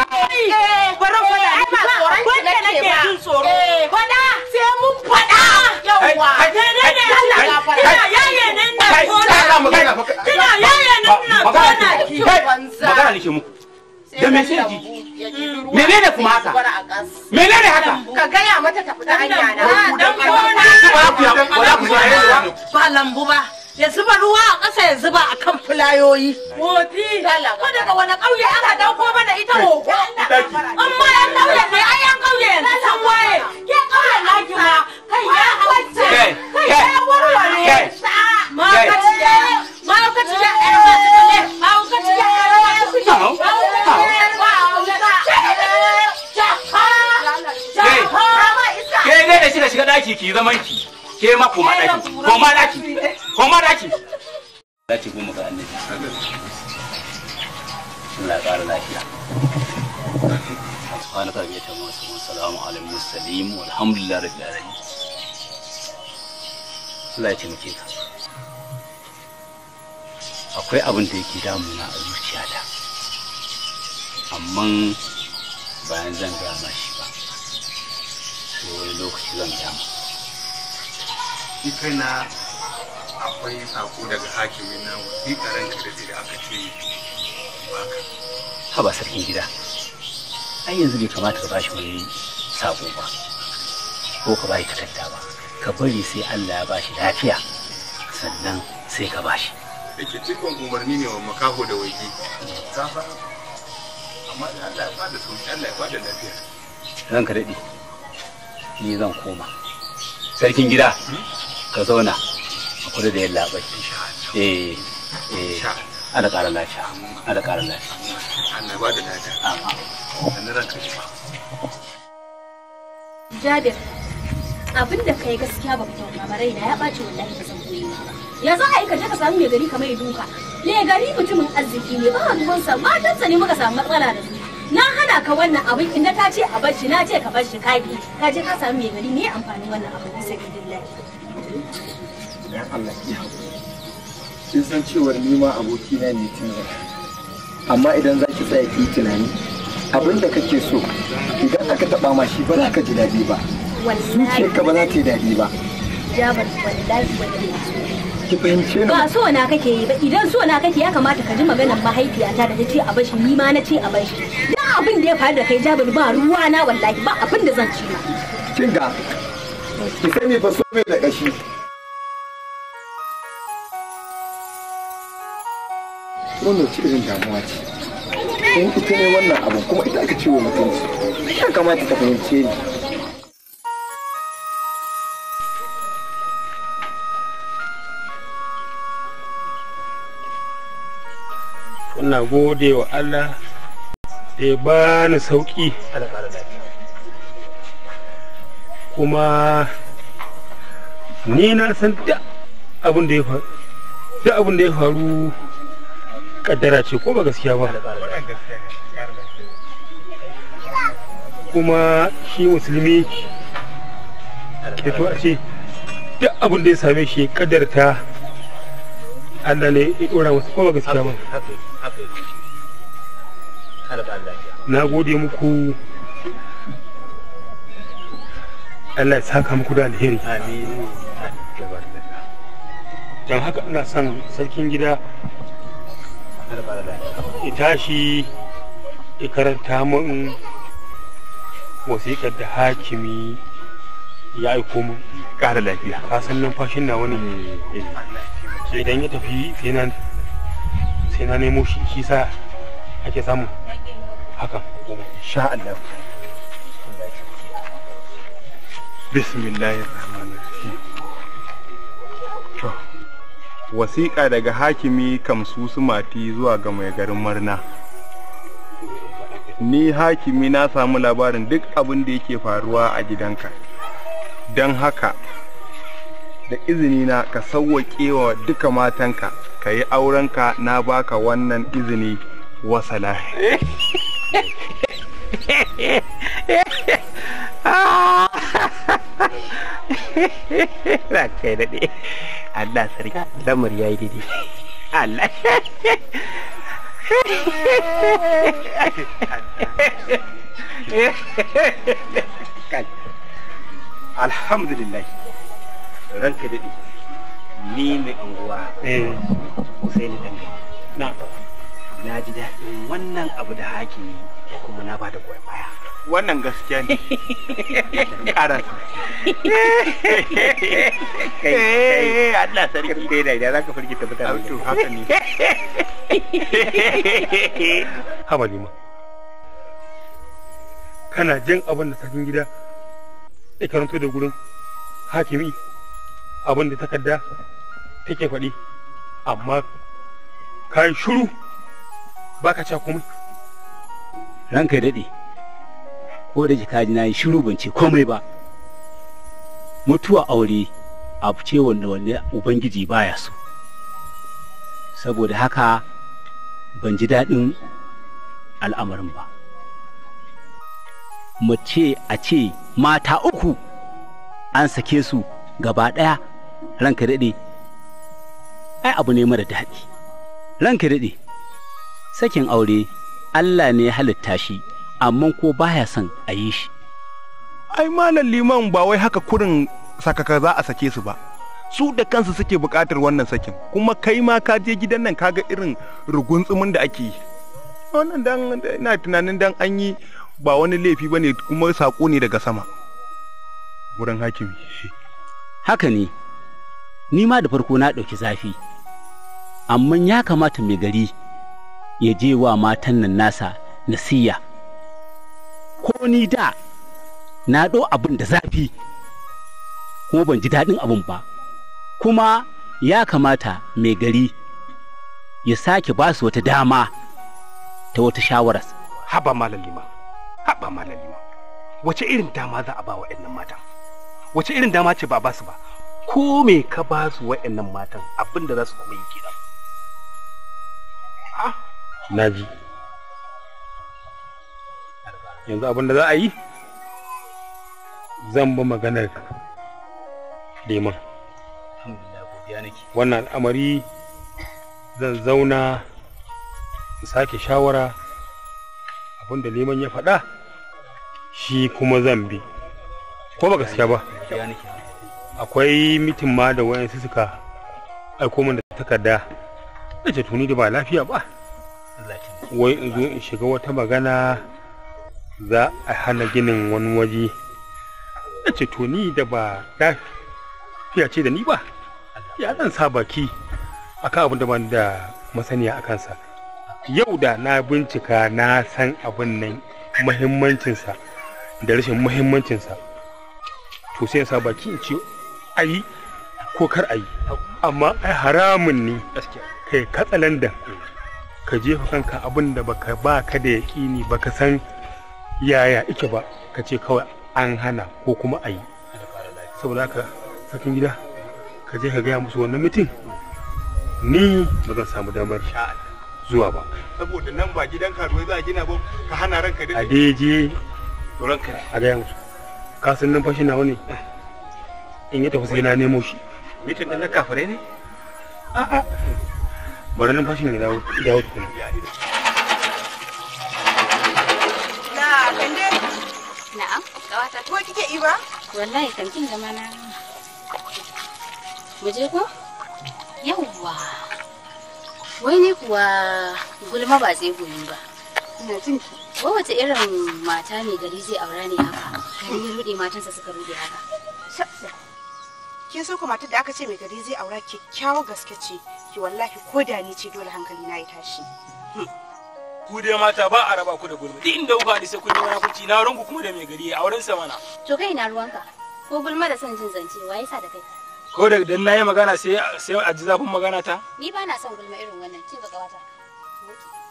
Bara faɗa ni ba. Wanda nake jin tsoro. Faɗa sai mun faɗa. Yawwa. Ne ne ne Allah ya ne na kona. Ina magana fa. ne na kona. Da me sai ji? Menene kuma haka? Menene haka? Ka gaya mata ta fita hanya na. Dan kona. Ba lambu ba. ya zuba ruwa a ƙasa ya zuba a kan fulayoyi. Moti, ko daga wani ƙauye aka dauko mana ita hoko. In ma yan ƙauye ne, ai yan ƙauye yanzu san waye. Ke na ki ma, kai ya wacce, kai ya warware. kai ma'aukaciya ne, ne. Ke ne da shi da shiga ɗaki ki zaman ki. ke ma ga annabi Allah lafiya subhanaka rabbil rabbil alamin Allah ya taimake ka akwai abin da yake damuna a zuciyata amma bayan zan gama shi ba wani lokaci zan gama shi kaina akwai sako daga hakimin na wasiƙa karen da da aka ce baka haba sarkin gida ai yanzu bai kamata ka bashi wani sako ba ko ka bashi takarda ba ka bari sai Allah ya bashi lafiya sannan sai ka bashi yake cikin umarni ne wa makaho da waje safa amma da Allah ya bada sauki Allah ya bada lafiya ranka daɗi ni zan koma sarkin gida hmm? ka zauna a kudu da yalla bai eh eh ala ƙara lafiya ala ƙara lafiya Allah ba da lafiya amma ranka ji ba Jabir abin da kai gaskiya ba kyau ba raina ya ɓaci wallahi ba zan koyi ba ya za a yi ka je ka samu mai gari kamar duka mai gari mutumin arziki ne ba ruwan sa matansa ne muka samu matsala da su na hana ka wannan abin inda ta ce a bar na ce ka bar shi kage ka je ka samu mai gari ne amfanin wannan abin bisa bidillahi dan Allah ki haƙuri san cewar ni abokina ne tun amma idan za ki tsaya ki yi tunani abin da kake so idan aka taɓa ma shi ba za ka ji daɗi ba zuciyar ka ba za ta yi daɗi ba ki fahimce ni ba so na kake yi ba idan so na kake ya kamata ka ji maganar mahaifiyata da ta ce a bashi ni ma na ce a bashi dan abin da ya faru da kai jabar ba ruwa na wallahi ba abin da zan ci ma kin ga ki sani ba so mai da kashi wannan ce irin damuwa ce don ita ne wannan abu kuma ita aka ciwo mutunci ya kamata ta fahimce ni na gode wa Allah da ya ba ni sauƙi kuma ni na san duk abin da ya faru kaddara ce ko ba gaskiya ba kuma shi musulmi ke to a ce duk abin da ya same shi ta Allah ne ya dora masa ko ba gaskiya ba na gode muku Allah ya saka muku da alheri don haka ina son sarkin gida ya tashi ya karanta wasiƙar da hakimi ya aiko min ƙara lafiya ka san numfashin na wani eh, eh. idan ya tafi sai na nemo shi shi sa ake samu haka sha Allah bismillahir rahmanir wasiƙa daga hakimi kamsu sumati zuwa ga mai garin marna ni hakimi na samu labarin duk abin da yake faruwa a gidanka don haka da izini na ka sauwaƙe wa duka matanka ka yi aurenka na baka wannan izini wasala kai Allah sarki lamar ya yi daidai Allah alhamdulillah ranka daɗi ni ne unguwa eh. sai ni dangai na ji daɗin wannan abu da hakimi kuma na ba da goyon baya wannan gaskiya ne eh, Allah sarki kai da idan zaka firgita mutane to haka ne kana jin abin da sakin gida ya karanto da gurin hakimi abin da takarda take faɗi amma ka yi shuru baka ca komai ranka ya daɗe ko da ji na yi shiru ban ce komai ba mutuwa aure abu ce wanda wanda ubangiji baya so saboda haka ban ji daɗin al'amarin ba mace a ce mata uku an sake su gaba ɗaya ranka daɗe ai abu ne mara daɗi ranka daɗe sakin aure allah ne halitta shi amma ko baya son a yi shi ai malam liman ba wai haka kurin sakaka za a sake su ba su da kansu suke buƙatar wannan sakin kuma kai ma ka je gidan nan kaga irin tsumin da ake yi wannan dan ina tunanin dan an yi ba wani laifi bane kuma sako ne daga sama wurin hakimi haka ne ni ma da farko na ɗauki zafi amma ya kamata mai gari ya je wa matan nan nasa nasiya ko ni da na ɗo abin da zafi kuma ban ji daɗin abin ba kuma ya kamata mai gari ya sake ba su wata dama ta wata shawaras haba malalima haba malalima wace irin dama za a ba wa matan wace irin dama ce ba ba su ba ko me ka ba su wa'annan matan abin da za su kuma yi kenan ah, na ji yanzu abin da za a yi zan ba maganar liman wannan al'amari zan zauna in sake shawara abin da liman ya faɗa shi kuma zan bi ko ba gaskiya ba akwai mitin ma da wayansu suka aiko min da takarda da ce tuni da ba lafiya ba wai in zo in shiga wata magana za a hana ginin wani waje na ce to ni da ba lafiya ce da ni ba ya zan sa baki akan abin da ban da masaniya a kansa yau da na bincika na san abin nan mahimmancinsa da rashin mahimmancinsa to sai sa baki in ce ayi ko kar ayi amma ai haramun ne kai da ka jefa kanka abin da baka ba ka da yaƙini baka san yaya ike ba ka ce kawai an hana ko kuma a yi saboda haka sakin gida ka je ka gaya musu wannan mitin ni ba zan samu damar zuwa ba saboda nan ba gidan ka karuwa za a gina ba ka hana ranka da adeje ranka a gaya musu ka san nan fashin nawa ne eh. in yi tafi sai na nemo shi mitin din na kafare ne a'a bari nan fashin ne dawo dawo tukuna kawata tuwa kike yi ba wallahi kantin zama na mu je ko yawwa wai ne kuwa gulma ba zai goyi ba ina jin ki wace irin mata ne gari zai aura ne haka gari ya rude matansa suka rude haka kin so ku matar da aka ce mai gari zai aura kyakkyawa gaske ce ki wallahi ko da ni ce dole hankali na ya tashi hmm. ku dai mata ba a raba ku da gulma duk inda kuka dace ku je wani kuci na ranku kuma da mai gari a wurin sa mana to kai na ruwanka ko gulma da son jin zance wa yasa da kai ko da dan nayi magana sai sai a ji zafin magana ta ni ba na son gulma irin wannan kin ga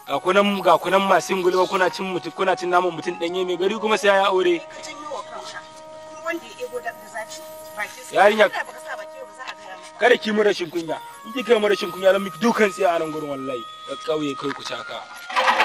ga kunan ga kunan masu gulma kuna cin mutum kuna cin namun mutun danye mai gari kuma sai ya aure yarinya kada ki mura rashin kunya in kika mura rashin kunya zan dukan sai a nan gurin wallahi ka kauye kai ku caka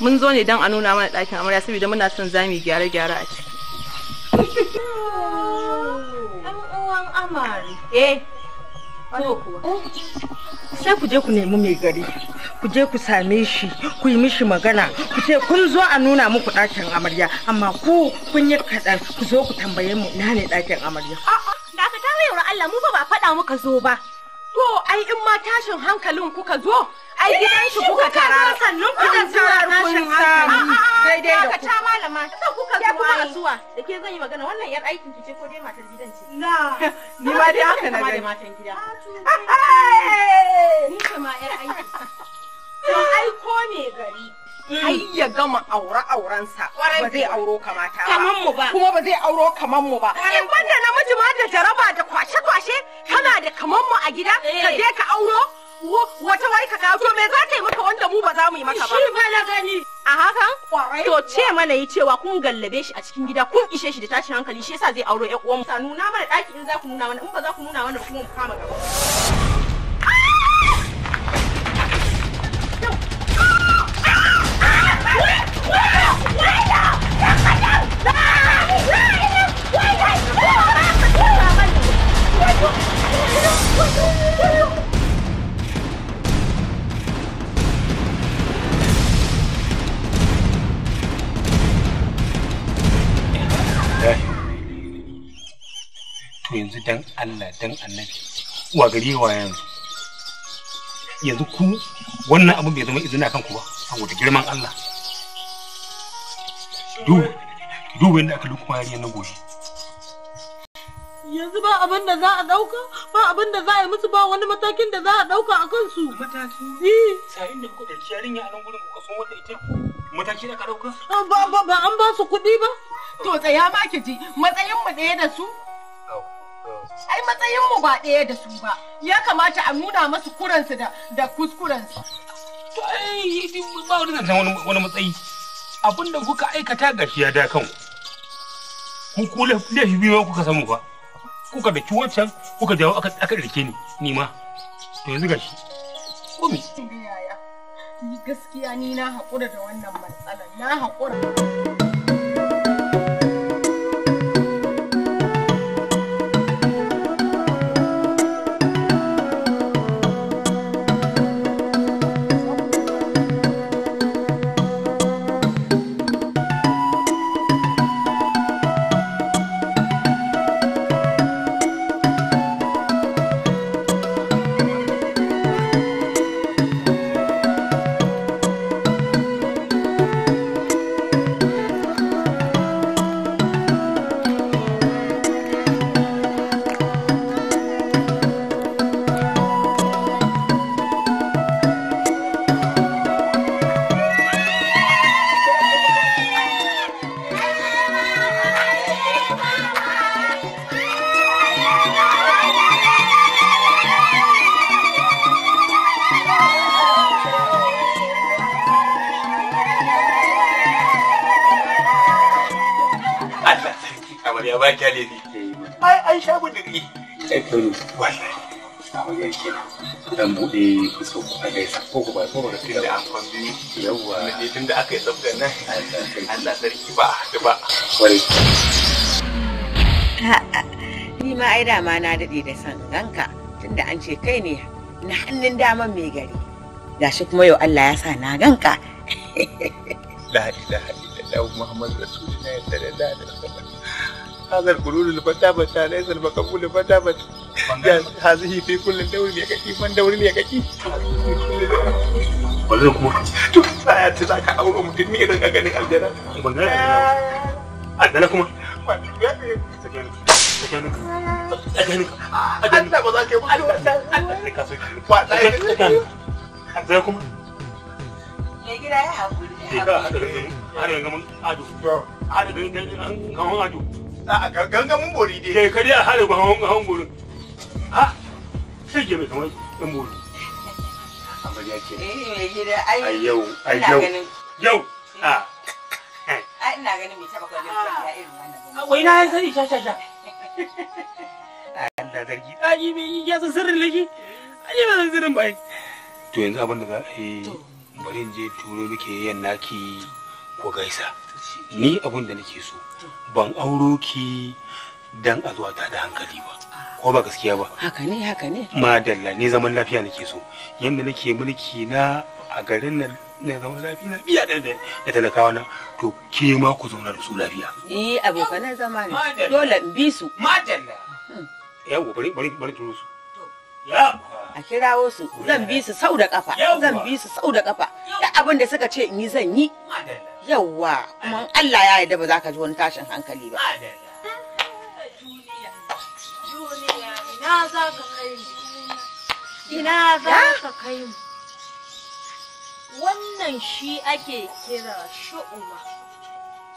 mun zo ne don a nuna mana ɗakin amarya saboda muna son zami mu gyare-gyare a ciki eh. eh. sai ku je ku nemi mai gari ku je ku same shi ku yi mishi magana ku ce kun zo a nuna muku ɗakin amarya amma ku kun yi kaɗan ku zo ku tambaye mu ina ne ɗakin amarya da ka tare Allah mu fa ba faɗa muka zo ba to ai in ma tashin hankalin kuka zo ai gidan shi kuka tara sannan kuka tara kun sami daidai da ku ta malama sai kuka zuwa zuwa da ke zan yi magana wannan yar aikin ki ce ko dai matar gidan ce na ni ma dai haka na gani matan gida ah, ni ce ma yar aiki to ai ko me gari ai ya gama aure aurensa ba zai auro kamata ba kuma ba zai auro kaman mu ba in banda namiji ma da jaraba da kwashe kwashe kana da kaman mu a gida ka eh. je ka auro wata wai ka kawo to me za ka yi maka wanda mu ba za mu yi maka ba shi ba na gani a hakan to ce mana yi cewa kun gallabe shi a cikin gida kun ishe shi da tashin hankali shi yasa zai auro ƴan uwan mu ta nuna mana ɗaki in za ku nuna mana in ba za ku nuna mana kuma mu kama gaba Wait! dan Allah dan annabi wa gari wa yanzu yanzu ku wannan abin bai zama izina kanku ba saboda girman Allah du du wanda aka kuma yarinya na goshi yanzu ba abin da za a dauka ba abin da za a yi musu ba wani matakin da za a dauka a kansu mataki sa'in da kuka da yarinya a nan gurin ku san wanda ita mataki da ka dauka ba ba an ba su kuɗi ba to tsaya ma ki ji matsayin mu ɗaya da su ai matsayin mu ba ɗaya da su ba ya kamata a nuna masu kuransu da da kuskurensu ai ba wani zancen wani matsayi abin da kuka aikata ga shi ya da kan ku ku laifi biyu kuka samu ba kuka da ki wancan kuka jawo aka aka rike ni ni ma to yanzu ga shi komi gaskiya ni na haƙura da wannan matsalar na haƙura ko kuma ko ba tun da amfani kwambi yawwa ne tun da aka yi tsafta nan Allah sarki ba da ba kwarai ni ma ai dama na daɗe da san ranka tunda an ce kai ne na hannun daman mai gari gashi kuma yau Allah ya sa na ganka la da illallah muhammadu rasulullahi sallallahu da wasallam sanzar bulul ba ta ba sale san bakabu ba ta ba zane zane zane zane ba zane ba zane ba zane ba zane ba zane ba zane ba zane ba zane ba zane ba zane ba zane ba zane ba zane ba zane ba zane ba a gangamin bori dai kai kariya hada ba hawan bori a sai ke mai kamar yan bori amarya eh, yau a yau yau a ina ganin mai taba kwallon kwalliya irin wannan wai na yi sani sha sha sha Allah zargi aji yi ya san sirrin laki aji ba san sirrin bai to yanzu abin da za a yi bari in je turo muke yan naki ko gaisa ni abin da nake so ban auro ki dan a zuwa ta da hankali ba ko ba gaskiya ba haka ne haka ne madalla ni zaman lafiya nake so yanda nake mulki na a garin nan na zaman lafiya biya da da talakawa na to ke ma ku zauna da su lafiya eh abokan zama ne dole in bi su madalla hmm. yawo bari bari bari turo su ya a kirawo su zan bi su sau da kafa zan bi su sau da kafa duk abin da suka ce in yi zan yi madalla yawwa kuma Allah ya yarda ba za ka ji wani tashin hankali ba ina za ka kai mu ina za ka kai wannan shi ake kira sha'uma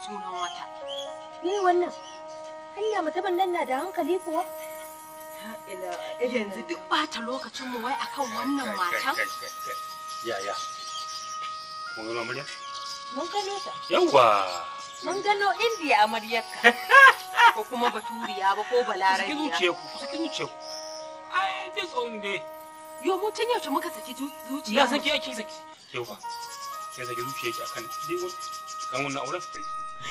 sunan wata ni wannan hanya mutumin nan na da hankali kuwa yanzu duk bata lokacin mu wai akan wannan matan kun Mun gano ta. Yawwa. Mun gano indiya amaryarka. Ko kuma baturiya ba ko balarabiya. Saki zuciya ku, saki zuciya ku. Ai, Yo, mu tun muka saki zuciya. Ya saki ake saki. Yawwa. Sai saki zuciya akan kan wannan auren.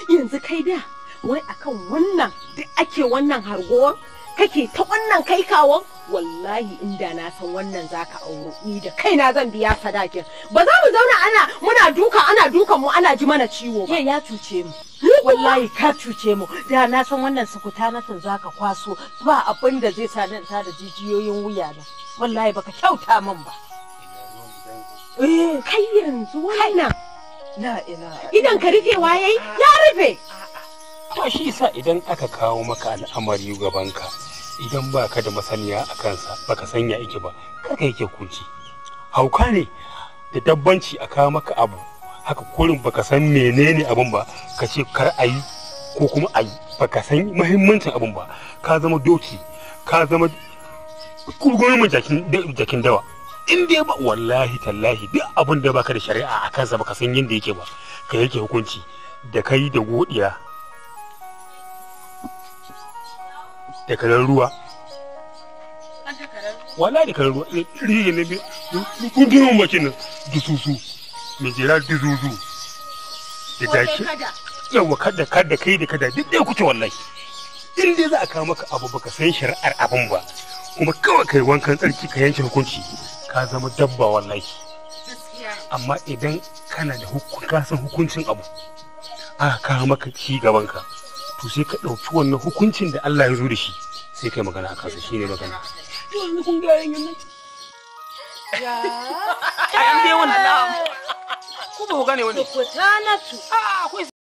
Yanzu kai da wai akan wannan duk ake wannan hargowar kake ta wannan kai kawon wallahi inda na san wannan zaka auro ni da kaina zan biya sadakin ba za mu zauna ana muna duka ana duka mu ana ji mana ciwo ba ya cuce mu wallahi ka cuce mu da na san wannan sukuta na san zaka kwaso ba abin da zai sa nan da jijiyoyin wuya na wallahi baka kyauta min ba eh kai yanzu wannan la idan ka rufe waye ya rufe to shi sa idan aka kawo maka al'amari gaban ka idan ba ka da masaniya a kansa baka sanya ike ba kaka yake kunci hauka ne da dabbanci a kawo maka abu haka kurin baka san menene abin ba ka ce kar a yi ko kuma a yi baka san mahimmancin abin ba ka zama doki ka zama kurgoyin jakin dawa in dai ba wallahi tallahi duk abin da baka da shari'a a kansa baka san yin da yake ba ka yake hukunci da kai da godiya da karar ruwa wala da karar ruwa rige ne bi gudun makin nan dususu mai jira dususu da daki yawa kada kada kai da kada duk dai kuce wallahi in dai za a kawo maka abu baka san shari'ar abin ba kuma kawai kai wankan tsarki ka yanke hukunci ka zama dabba wallahi amma idan kana da ka san hukuncin abu aka kawo maka ci gaban ka to sai ka ɗauki wannan hukuncin da Allah ya zo da shi sai kai magana a kansa shi ne magana to kun ga yayin nan ya dai wannan ku ba ku gane a